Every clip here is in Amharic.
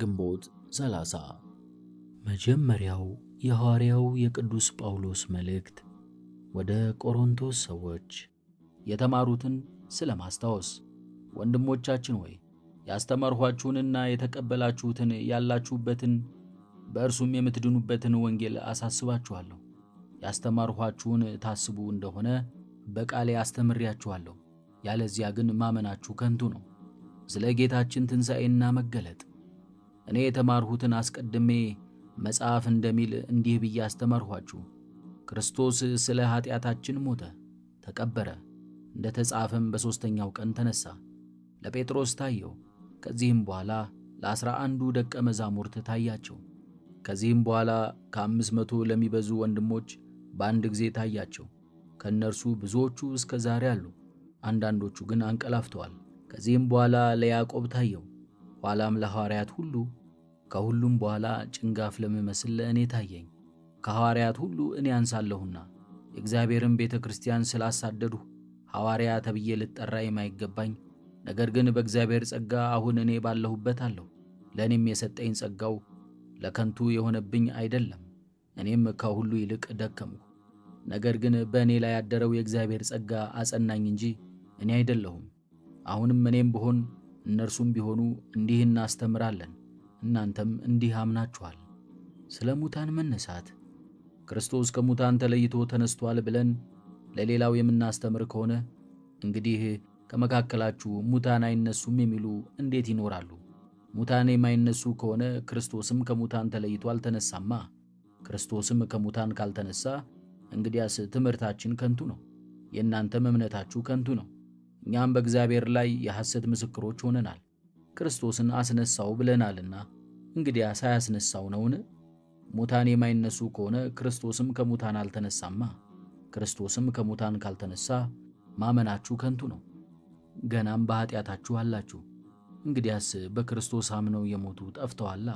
ግንቦት 30 መጀመሪያው የሐዋርያው የቅዱስ ጳውሎስ መልእክት ወደ ቆሮንቶስ ሰዎች የተማሩትን ስለ ማስታወስ። ወንድሞቻችን ሆይ ያስተማርኋችሁንና የተቀበላችሁትን ያላችሁበትን በእርሱም የምትድኑበትን ወንጌል አሳስባችኋለሁ። ያስተማርኋችሁን ታስቡ እንደሆነ በቃሌ አስተምሬያችኋለሁ። ያለዚያ ግን ማመናችሁ ከንቱ ነው። ስለ ጌታችን ትንሣኤና መገለጥ እኔ የተማርሁትን አስቀድሜ መጽሐፍ እንደሚል እንዲህ ብዬ አስተማርኋችሁ። ክርስቶስ ስለ ኀጢአታችን ሞተ፣ ተቀበረ፣ እንደ ተጻፈም በሦስተኛው ቀን ተነሣ። ለጴጥሮስ ታየው። ከዚህም በኋላ ለዐሥራ አንዱ ደቀ መዛሙርት ታያቸው። ከዚህም በኋላ ከአምስት መቶ ለሚበዙ ወንድሞች በአንድ ጊዜ ታያቸው። ከእነርሱ ብዙዎቹ እስከ ዛሬ አሉ፣ አንዳንዶቹ ግን አንቀላፍተዋል። ከዚህም በኋላ ለያዕቆብ ታየው ኋላም ለሐዋርያት ሁሉ ከሁሉም በኋላ ጭንጋፍ ለምመስል ለእኔ ታየኝ። ከሐዋርያት ሁሉ እኔ አንሳለሁና የእግዚአብሔርን ቤተ ክርስቲያን ስላሳደድሁ ሐዋርያ ተብዬ ልጠራ የማይገባኝ ነገር ግን በእግዚአብሔር ጸጋ አሁን እኔ ባለሁበት አለሁ። ለእኔም የሰጠኝ ጸጋው ለከንቱ የሆነብኝ አይደለም። እኔም ከሁሉ ይልቅ ደከምሁ። ነገር ግን በእኔ ላይ ያደረው የእግዚአብሔር ጸጋ አጸናኝ እንጂ እኔ አይደለሁም። አሁንም እኔም ብሆን እነርሱም ቢሆኑ እንዲህ እናስተምራለን፣ እናንተም እንዲህ አምናችኋል። ስለ ሙታን መነሳት ክርስቶስ ከሙታን ተለይቶ ተነስቷል ብለን ለሌላው የምናስተምር ከሆነ እንግዲህ ከመካከላችሁ ሙታን አይነሱም የሚሉ እንዴት ይኖራሉ? ሙታን የማይነሱ ከሆነ ክርስቶስም ከሙታን ተለይቶ አልተነሳማ። ክርስቶስም ከሙታን ካልተነሳ እንግዲያስ ትምህርታችን ከንቱ ነው፣ የእናንተም እምነታችሁ ከንቱ ነው። እኛም በእግዚአብሔር ላይ የሐሰት ምስክሮች ሆነናል፣ ክርስቶስን አስነሳው ብለናልና። እንግዲያ ሳያስነሳው ነውን? ሙታን የማይነሱ ከሆነ ክርስቶስም ከሙታን አልተነሳማ። ክርስቶስም ከሙታን ካልተነሳ ማመናችሁ ከንቱ ነው፣ ገናም በኃጢአታችሁ አላችሁ። እንግዲያስ በክርስቶስ አምነው የሞቱ ጠፍተዋላ።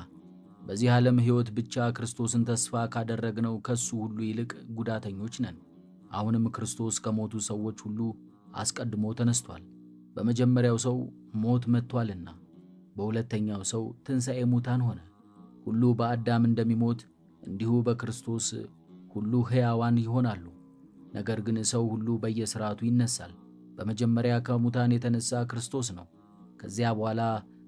በዚህ ዓለም ሕይወት ብቻ ክርስቶስን ተስፋ ካደረግነው ከሱ ሁሉ ይልቅ ጉዳተኞች ነን። አሁንም ክርስቶስ ከሞቱ ሰዎች ሁሉ አስቀድሞ ተነስቷል። በመጀመሪያው ሰው ሞት መጥቷልና፣ በሁለተኛው ሰው ትንሣኤ ሙታን ሆነ። ሁሉ በአዳም እንደሚሞት እንዲሁ በክርስቶስ ሁሉ ሕያዋን ይሆናሉ። ነገር ግን ሰው ሁሉ በየሥርዓቱ ይነሳል። በመጀመሪያ ከሙታን የተነሳ ክርስቶስ ነው። ከዚያ በኋላ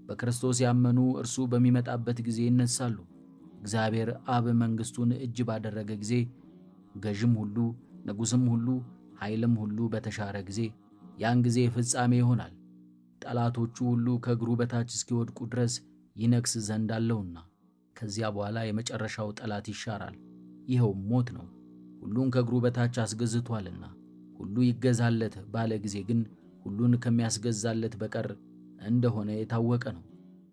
በክርስቶስ ያመኑ እርሱ በሚመጣበት ጊዜ ይነሳሉ። እግዚአብሔር አብ መንግሥቱን እጅ ባደረገ ጊዜ ገዥም ሁሉ ንጉሥም ሁሉ ኃይልም ሁሉ በተሻረ ጊዜ ያን ጊዜ ፍጻሜ ይሆናል። ጠላቶቹ ሁሉ ከእግሩ በታች እስኪወድቁ ድረስ ይነክስ ዘንድ አለውና ከዚያ በኋላ የመጨረሻው ጠላት ይሻራል፣ ይኸው ሞት ነው። ሁሉን ከእግሩ በታች አስገዝቷልና ሁሉ ይገዛለት ባለ ጊዜ ግን ሁሉን ከሚያስገዛለት በቀር እንደሆነ የታወቀ ነው።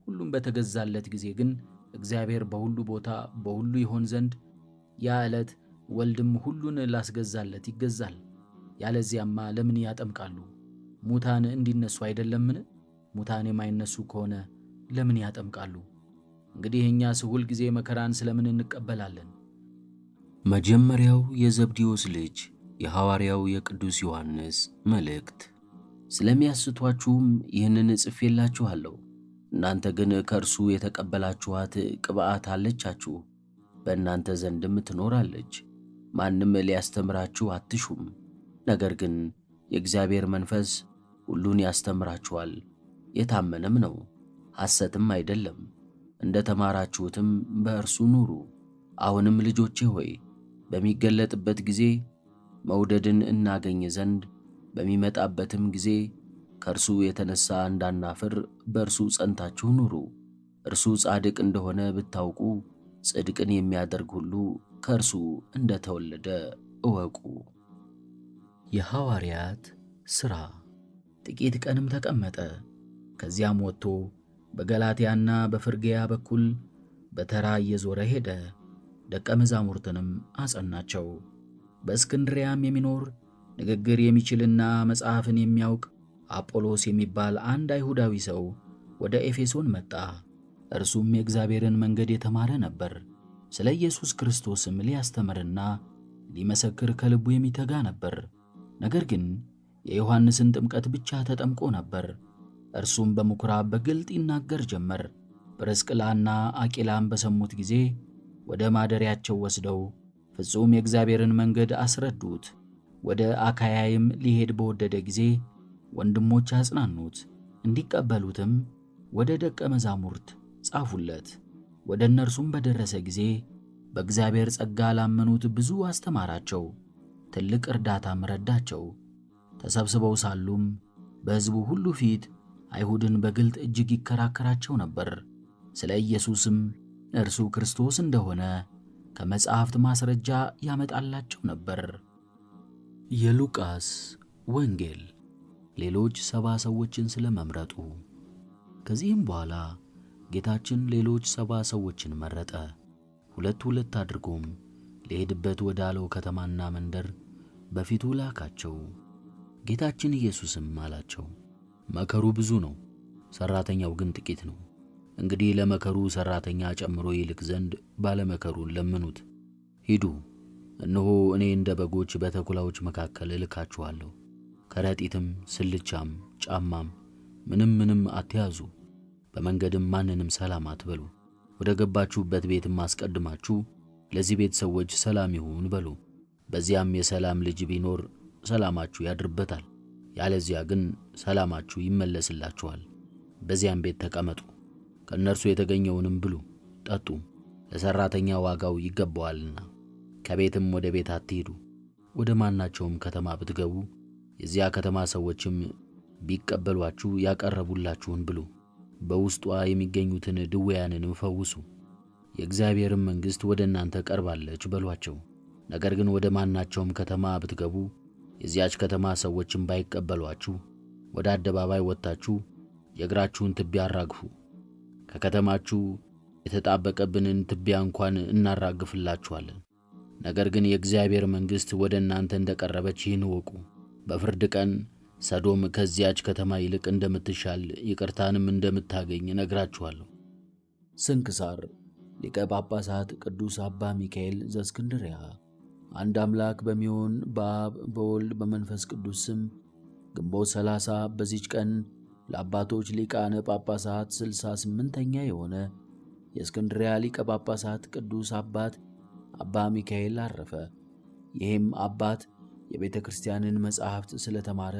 ሁሉም በተገዛለት ጊዜ ግን እግዚአብሔር በሁሉ ቦታ በሁሉ ይሆን ዘንድ ያ ዕለት ወልድም ሁሉን ላስገዛለት ይገዛል። ያለዚያማ ለምን ያጠምቃሉ? ሙታን እንዲነሱ አይደለምን? ሙታን የማይነሱ ከሆነ ለምን ያጠምቃሉ? እንግዲህ እኛስ ሁል ጊዜ መከራን ስለምን እንቀበላለን? መጀመሪያው የዘብዴዎስ ልጅ የሐዋርያው የቅዱስ ዮሐንስ መልእክት። ስለሚያስቷችሁም ይህንን ጽፌላችኋለሁ። እናንተ ግን ከእርሱ የተቀበላችኋት ቅብዓት አለቻችሁ፣ በእናንተ ዘንድም ትኖራለች። ማንም ሊያስተምራችሁ አትሹም ነገር ግን የእግዚአብሔር መንፈስ ሁሉን ያስተምራችኋል፣ የታመነም ነው፣ ሐሰትም አይደለም። እንደ ተማራችሁትም በእርሱ ኑሩ። አሁንም ልጆቼ ሆይ በሚገለጥበት ጊዜ መውደድን እናገኝ ዘንድ በሚመጣበትም ጊዜ ከእርሱ የተነሳ እንዳናፍር በእርሱ ጸንታችሁ ኑሩ። እርሱ ጻድቅ እንደሆነ ብታውቁ ጽድቅን የሚያደርግ ሁሉ ከእርሱ እንደተወለደ እወቁ። የሐዋርያት ሥራ። ጥቂት ቀንም ተቀመጠ። ከዚያም ወጥቶ በገላትያና በፍርግያ በኩል በተራ እየዞረ ሄደ። ደቀ መዛሙርትንም አጸናቸው። በእስክንድሪያም የሚኖር ንግግር የሚችልና መጽሐፍን የሚያውቅ አጶሎስ የሚባል አንድ አይሁዳዊ ሰው ወደ ኤፌሶን መጣ። እርሱም የእግዚአብሔርን መንገድ የተማረ ነበር። ስለ ኢየሱስ ክርስቶስም ሊያስተምርና ሊመሰክር ከልቡ የሚተጋ ነበር። ነገር ግን የዮሐንስን ጥምቀት ብቻ ተጠምቆ ነበር። እርሱም በምኵራብ በግልጥ ይናገር ጀመር። ጵርስቅላና አቂላም በሰሙት ጊዜ ወደ ማደሪያቸው ወስደው ፍጹም የእግዚአብሔርን መንገድ አስረዱት። ወደ አካያይም ሊሄድ በወደደ ጊዜ ወንድሞች አጽናኑት፣ እንዲቀበሉትም ወደ ደቀ መዛሙርት ጻፉለት። ወደ እነርሱም በደረሰ ጊዜ በእግዚአብሔር ጸጋ ላመኑት ብዙ አስተማራቸው። ትልቅ እርዳታም ረዳቸው። ተሰብስበው ሳሉም በሕዝቡ ሁሉ ፊት አይሁድን በግልጥ እጅግ ይከራከራቸው ነበር። ስለ ኢየሱስም እርሱ ክርስቶስ እንደሆነ ከመጻሕፍት ማስረጃ ያመጣላቸው ነበር። የሉቃስ ወንጌል ሌሎች ሰባ ሰዎችን ስለመምረጡ። ከዚህም በኋላ ጌታችን ሌሎች ሰባ ሰዎችን መረጠ፣ ሁለት ሁለት አድርጎም ሊሄድበት ወዳለው ከተማና መንደር በፊቱ ላካቸው። ጌታችን ኢየሱስም አላቸው፣ መከሩ ብዙ ነው፣ ሠራተኛው ግን ጥቂት ነው። እንግዲህ ለመከሩ ሠራተኛ ጨምሮ ይልክ ዘንድ ባለመከሩን ለምኑት። ሂዱ፣ እነሆ እኔ እንደ በጎች በተኩላዎች መካከል እልካችኋለሁ። ከረጢትም፣ ስልቻም፣ ጫማም ምንም ምንም አትያዙ። በመንገድም ማንንም ሰላም አትበሉ። ወደ ገባችሁበት ቤትም አስቀድማችሁ ለዚህ ቤት ሰዎች ሰላም ይሁን በሉ። በዚያም የሰላም ልጅ ቢኖር ሰላማችሁ ያድርበታል፣ ያለዚያ ግን ሰላማችሁ ይመለስላችኋል። በዚያም ቤት ተቀመጡ፣ ከእነርሱ የተገኘውንም ብሉ፣ ጠጡ፣ ለሠራተኛ ዋጋው ይገባዋልና። ከቤትም ወደ ቤት አትሂዱ። ወደ ማናቸውም ከተማ ብትገቡ የዚያ ከተማ ሰዎችም ቢቀበሏችሁ ያቀረቡላችሁን ብሉ፣ በውስጧ የሚገኙትን ድውያንን ፈውሱ። የእግዚአብሔርን መንግሥት ወደ እናንተ ቀርባለች በሏቸው። ነገር ግን ወደ ማናቸውም ከተማ ብትገቡ የዚያች ከተማ ሰዎችን ባይቀበሏችሁ ወደ አደባባይ ወጥታችሁ የእግራችሁን ትቢያ አራግፉ። ከከተማችሁ የተጣበቀብንን ትቢያ እንኳን እናራግፍላችኋለን። ነገር ግን የእግዚአብሔር መንግሥት ወደ እናንተ እንደ ቀረበች ይህን እወቁ። በፍርድ ቀን ሰዶም ከዚያች ከተማ ይልቅ እንደምትሻል ይቅርታንም እንደምታገኝ ነግራችኋለሁ። ስንክሳር ሊቀ ጳጳሳት ቅዱስ አባ ሚካኤል ዘእስክንድርያ አንድ አምላክ በሚሆን በአብ በወልድ በመንፈስ ቅዱስ ስም ግንቦት 30 በዚች ቀን ለአባቶች ሊቃነ ጳጳሳት 68ኛ የሆነ የእስክንድሪያ ሊቀ ጳጳሳት ቅዱስ አባት አባ ሚካኤል አረፈ። ይህም አባት የቤተ ክርስቲያንን መጻሕፍት ስለተማረ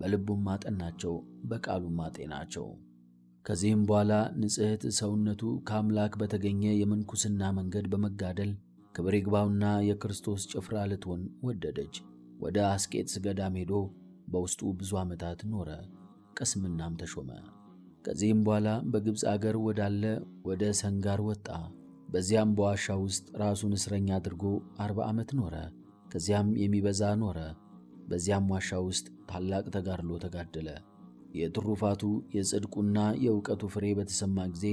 በልቡም ማጠናቸው በቃሉም ማጤናቸው። ከዚህም በኋላ ንጽሕት ሰውነቱ ከአምላክ በተገኘ የምንኩስና መንገድ በመጋደል ክብር ይግባውና የክርስቶስ ጭፍራ ልትሆን ወደደች። ወደ አስቄጥስ ገዳም ሄዶ በውስጡ ብዙ ዓመታት ኖረ፣ ቅስምናም ተሾመ። ከዚህም በኋላ በግብፅ አገር ወዳለ ወደ ሰንጋር ወጣ። በዚያም በዋሻ ውስጥ ራሱን እስረኛ አድርጎ አርባ ዓመት ኖረ። ከዚያም የሚበዛ ኖረ። በዚያም ዋሻ ውስጥ ታላቅ ተጋድሎ ተጋደለ። የትሩፋቱ የጽድቁና የእውቀቱ ፍሬ በተሰማ ጊዜ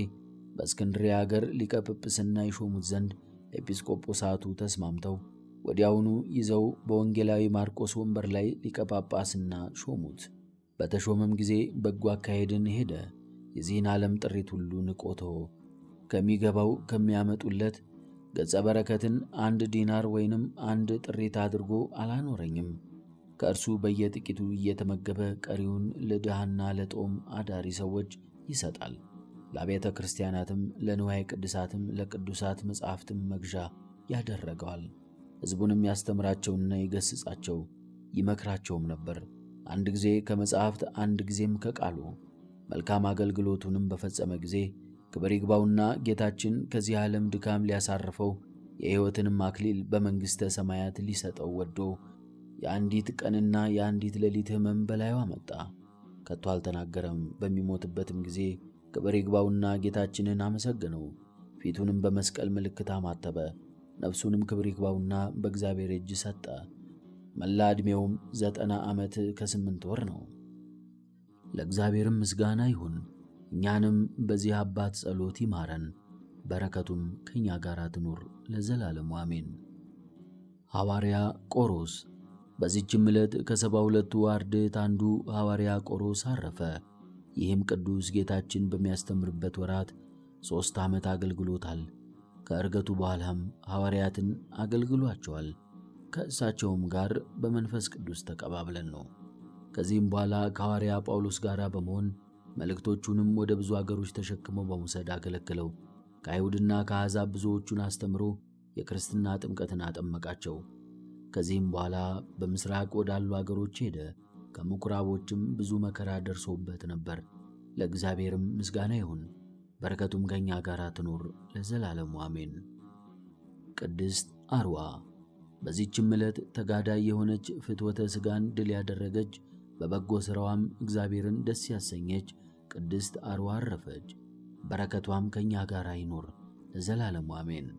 በእስክንድሪያ አገር ሊቀ ጵጵስና ይሾሙት ዘንድ ኤጲስቆጶሳቱ ተስማምተው ወዲያውኑ ይዘው በወንጌላዊ ማርቆስ ወንበር ላይ ሊቀ ጳጳስና ሾሙት። በተሾመም ጊዜ በጎ አካሄድን ሄደ። የዚህን ዓለም ጥሪት ሁሉ ንቆቶ ከሚገባው ከሚያመጡለት ገጸ በረከትን አንድ ዲናር ወይንም አንድ ጥሪት አድርጎ አላኖረኝም። ከእርሱ በየጥቂቱ እየተመገበ ቀሪውን ለድሃና ለጦም አዳሪ ሰዎች ይሰጣል። ለአብያተ ክርስቲያናትም ለንዋይ ቅድሳትም ለቅዱሳት መጻሕፍትም መግዣ ያደረገዋል። ሕዝቡንም ያስተምራቸውና ይገሥጻቸው ይመክራቸውም ነበር። አንድ ጊዜ ከመጻሕፍት አንድ ጊዜም ከቃሉ መልካም አገልግሎቱንም በፈጸመ ጊዜ ክብር ይግባውና ጌታችን ከዚህ ዓለም ድካም ሊያሳርፈው የሕይወትንም አክሊል በመንግሥተ ሰማያት ሊሰጠው ወዶ የአንዲት ቀንና የአንዲት ሌሊት ህመም በላዩ አመጣ። ከቶ አልተናገረም። በሚሞትበትም ጊዜ ክብር ይግባውና ጌታችንን አመሰገነው። ፊቱንም በመስቀል ምልክት አማተበ። ነፍሱንም ክብር ይግባውና በእግዚአብሔር እጅ ሰጠ። መላ ዕድሜውም ዘጠና ዓመት ከስምንት ወር ነው። ለእግዚአብሔርም ምስጋና ይሁን። እኛንም በዚህ አባት ጸሎት ይማረን፣ በረከቱም ከእኛ ጋር ትኑር ለዘላለሙ አሜን። ሐዋርያ ቆሮስ በዚችም ዕለት ከሰባ ሁለቱ አርድእት አንዱ ሐዋርያ ቆሮስ አረፈ። ይህም ቅዱስ ጌታችን በሚያስተምርበት ወራት ሦስት ዓመት አገልግሎታል። ከእርገቱ በኋላም ሐዋርያትን አገልግሏቸዋል። ከእሳቸውም ጋር በመንፈስ ቅዱስ ተቀባብለን ነው። ከዚህም በኋላ ከሐዋርያ ጳውሎስ ጋር በመሆን መልእክቶቹንም ወደ ብዙ አገሮች ተሸክሞ በመውሰድ አገለግለው ከአይሁድና ከአሕዛብ ብዙዎቹን አስተምሮ የክርስትና ጥምቀትን አጠመቃቸው። ከዚህም በኋላ በምስራቅ ወዳሉ አገሮች ሄደ። ከምኩራቦችም ብዙ መከራ ደርሶበት ነበር። ለእግዚአብሔርም ምስጋና ይሁን፣ በረከቱም ከእኛ ጋር ትኖር ለዘላለሙ አሜን። ቅድስት አርዋ በዚችም ዕለት ተጋዳይ የሆነች ፍትወተ ሥጋን ድል ያደረገች በበጎ ሥራዋም እግዚአብሔርን ደስ ያሰኘች ቅድስት አርዋ አረፈች። በረከቷም ከእኛ ጋር ይኖር ለዘላለሙ አሜን።